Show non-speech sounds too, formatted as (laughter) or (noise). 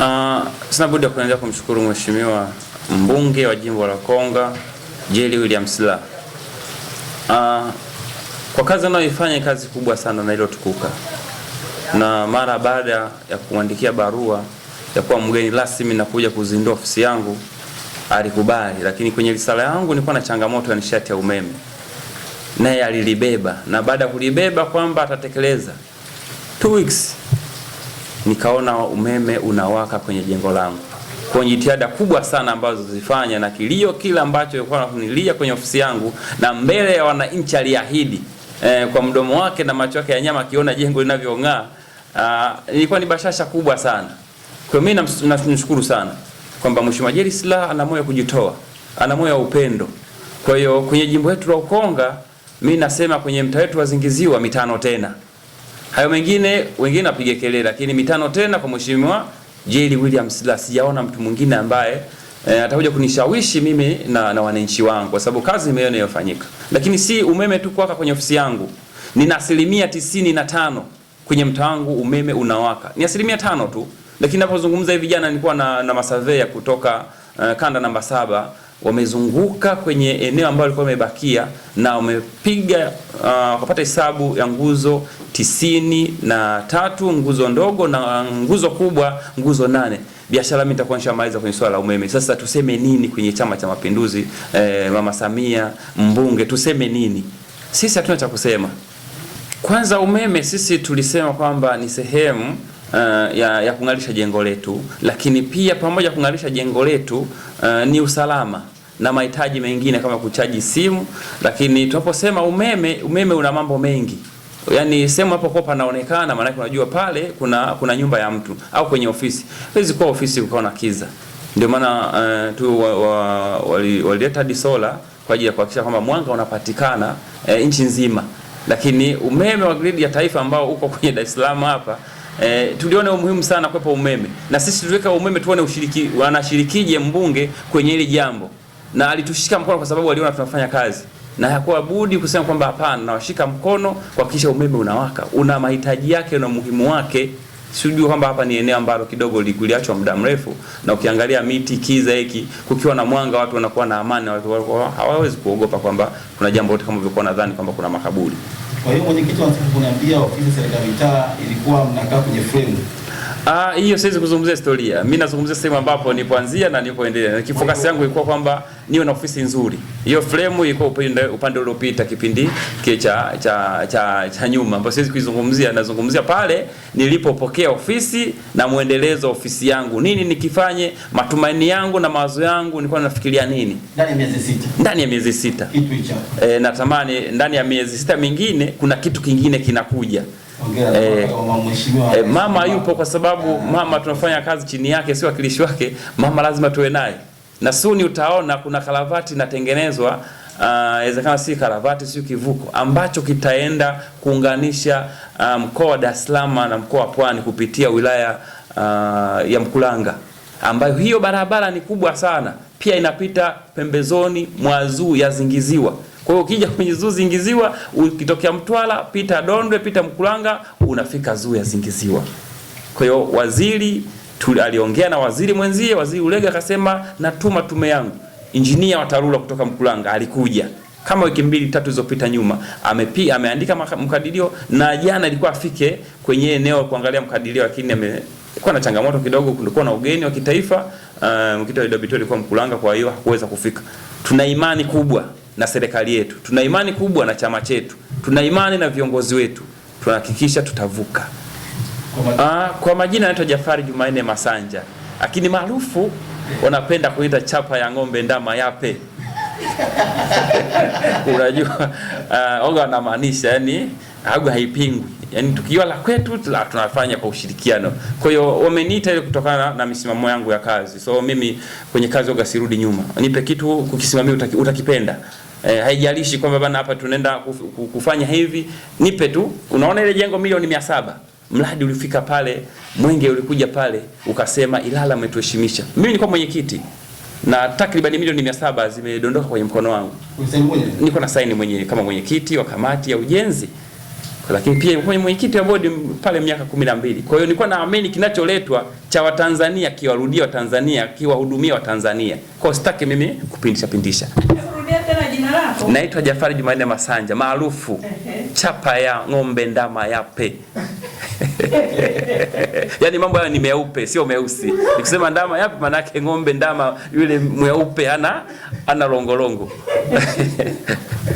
Uh, sina budi ya kuanza kumshukuru Mheshimiwa mbunge wa jimbo la Konga Jerry William Silaa uh, kwa kazi anayoifanya, kazi kubwa sana na ilotukuka, na mara baada ya kuandikia barua ya kuwa mgeni rasmi na kuja kuzindua ofisi yangu alikubali, lakini kwenye risala yangu nilikuwa na changamoto ya nishati ya umeme, naye alilibeba na baada ya kulibeba kwamba atatekeleza 2 weeks nikaona umeme unawaka kwenye jengo langu. Kwa jitihada kubwa sana ambazo zifanya na kilio kila ambacho ilikuwa nafunilia kwenye ofisi yangu na mbele ya wananchi aliahidi eh, kwa mdomo wake na macho yake ya nyama akiona jengo linavyong'aa. Ah, ilikuwa ni bashasha kubwa sana. Kwa mimi namshukuru sana kwamba Mheshimiwa Jerry Silaa ana moyo kujitoa, ana moyo wa upendo. Kwa hiyo kwenye jimbo letu la Ukonga, mimi nasema kwenye mtaa wetu wa Zingiziwa mitano tena. Hayo mengine wengine napiga kelele, lakini mitano tena kwa Mheshimiwa Jerry William Silaa, sijaona mtu mwingine ambaye E, atakuja kunishawishi mimi na, na wananchi wangu kwa sababu kazi imeo inayofanyika. Lakini si umeme tu kuwaka kwenye ofisi yangu, nina asilimia tisini na tano kwenye mtaa wangu umeme unawaka, ni asilimia tano tu. Lakini napozungumza hivi, jana nilikuwa na, na masurvey kutoka uh, kanda namba saba wamezunguka kwenye eneo ambalo walikuwa wamebakia na wamepiga uh, wakapata uh, hesabu ya nguzo tisini na tatu nguzo ndogo na nguzo kubwa nguzo nane. Biashara mimi nitakuwa nishamaliza kwenye swala la umeme. Sasa tuseme nini kwenye Chama cha Mapinduzi? Eh, Mama Samia mbunge, tuseme nini? Sisi hatuna cha kusema. Kwanza umeme, sisi tulisema kwamba ni sehemu uh, ya, ya kung'arisha jengo letu, lakini pia pamoja kung'arisha jengo letu uh, ni usalama na mahitaji mengine kama kuchaji simu. Lakini tunaposema umeme, umeme una mambo mengi Yaani sehemu hapo kwa panaonekana, maana unajua pale kuna kuna nyumba ya mtu au kwenye ofisi, huwezi kuwa ofisi ukawa na kiza. Ndio maana uh, tu wa, wa, walileta wali disola kwa ajili ya kuhakikisha kwamba mwanga unapatikana uh, nchi nzima, lakini umeme wa gridi ya taifa ambao uko kwenye Dar es Salaam hapa E, eh, tulione umuhimu sana kwepo umeme na sisi tuweka umeme tuone ushiriki wanashirikije mbunge kwenye hili jambo, na alitushika mkono kwa sababu aliona tunafanya kazi na hakuwa budi kusema kwamba hapana, nawashika mkono kuhakikisha umeme unawaka, una mahitaji yake na umuhimu wake. Sijui kwamba hapa ni eneo ambalo kidogo liliachwa muda mrefu, na ukiangalia miti kiza hiki, kukiwa na mwanga, watu wanakuwa na amani, watu hawawezi kuogopa kwamba kuna jambo lote, kama vilikuwa nadhani kwamba kuna makaburi. Kwa hiyo mwenyekiti, nataka kuniambia ofisi ya serikali mitaa ilikuwa mnakaa kwenye frame Ah, hiyo siwezi kuzungumzia historia. Mimi nazungumzia sehemu ambapo nilipoanzia na nilipoendelea. Focus yangu ilikuwa kwamba niwe na ofisi nzuri. Hiyo frame ilikuwa upande upande uliopita kipindi kile cha cha cha, cha nyuma ambapo siwezi kuizungumzia. Nazungumzia pale nilipopokea ofisi na muendelezo ofisi yangu. Nini nikifanye? Matumaini yangu na mawazo yangu nilikuwa nafikiria nini? Ndani ya miezi sita. Ndani ya miezi sita. Kitu hicho. Eh, natamani ndani ya miezi sita mingine kuna kitu kingine kinakuja. Eh, eh, mama yupo kwa sababu mama tunafanya kazi chini yake, si wakilishi wake. Mama lazima tuwe naye, na suni utaona kuna karavati inatengenezwa ah, inawezekana uh, si karavati si kivuko ambacho kitaenda kuunganisha ah, mkoa um, wa Dar es Salaam na mkoa wa Pwani kupitia wilaya uh, ya Mkulanga, ambayo hiyo barabara ni kubwa sana, pia inapita pembezoni mwa zuu ya Zingiziwa. Kwa hiyo ukija kwenye zuu Zingiziwa, ukitokea Mtwara, pita Dondwe, pita Mkuranga, unafika zuu ya Zingiziwa. Kwa hiyo waziri tu, aliongea na waziri mwenzie, waziri Ulega akasema natuma tume yangu. Injinia wa TARURA kutoka Mkuranga alikuja kama wiki mbili tatu zilizopita nyuma, amepiga ameandika mkadirio na jana alikuwa afike kwenye eneo kuangalia mkadirio, lakini amekuwa na changamoto kidogo, kulikuwa na ugeni wa kitaifa. Um, Mkiti wa idabitori alikuwa Mkulanga, kwa hiyo hakuweza kufika. Tuna imani kubwa na serikali yetu, tuna imani kubwa na chama chetu, tuna imani na viongozi wetu, tunahakikisha tutavuka. Aa, ah, kwa majina anaitwa Jafari Jumanne Masanja, lakini maarufu wanapenda kuita chapa ya ng'ombe ndama yape. (laughs) Unajua uh, oga anamaanisha yani agu haipingwi, yani tukiwa la kwetu tunafanya kwa ushirikiano. Kwa hiyo wameniita ile kutokana na misimamo yangu ya kazi, so mimi kwenye kazi oga sirudi nyuma, nipe kitu kukisimamia, utakipenda utaki, E, haijalishi kwamba bana hapa tunaenda kufanya hivi, nipe tu. Unaona ile jengo milioni mia saba mradi ulifika pale, mwenge ulikuja pale ukasema Ilala umetuheshimisha. Mimi nilikuwa mwenyekiti na takriban milioni mia saba zimedondoka kwenye mkono wangu, niko na saini mwenyewe kama mwenyekiti wa kamati ya ujenzi, lakini pia kwenye mwenyekiti wa bodi pale miaka kumi na mbili. Kwa hiyo nilikuwa naamini kinacholetwa cha Watanzania kiwarudia Watanzania, kiwahudumia Watanzania. Kwa sitaki mimi kupindisha pindisha Naitwa Jafari Jumanne Masanja maarufu chapa ya ng'ombe ndama yape. (laughs) Yaani mambo hayo ni meupe sio meusi. Nikisema ndama yape manake ng'ombe ndama yule mweupe ana ana longolongo. (laughs)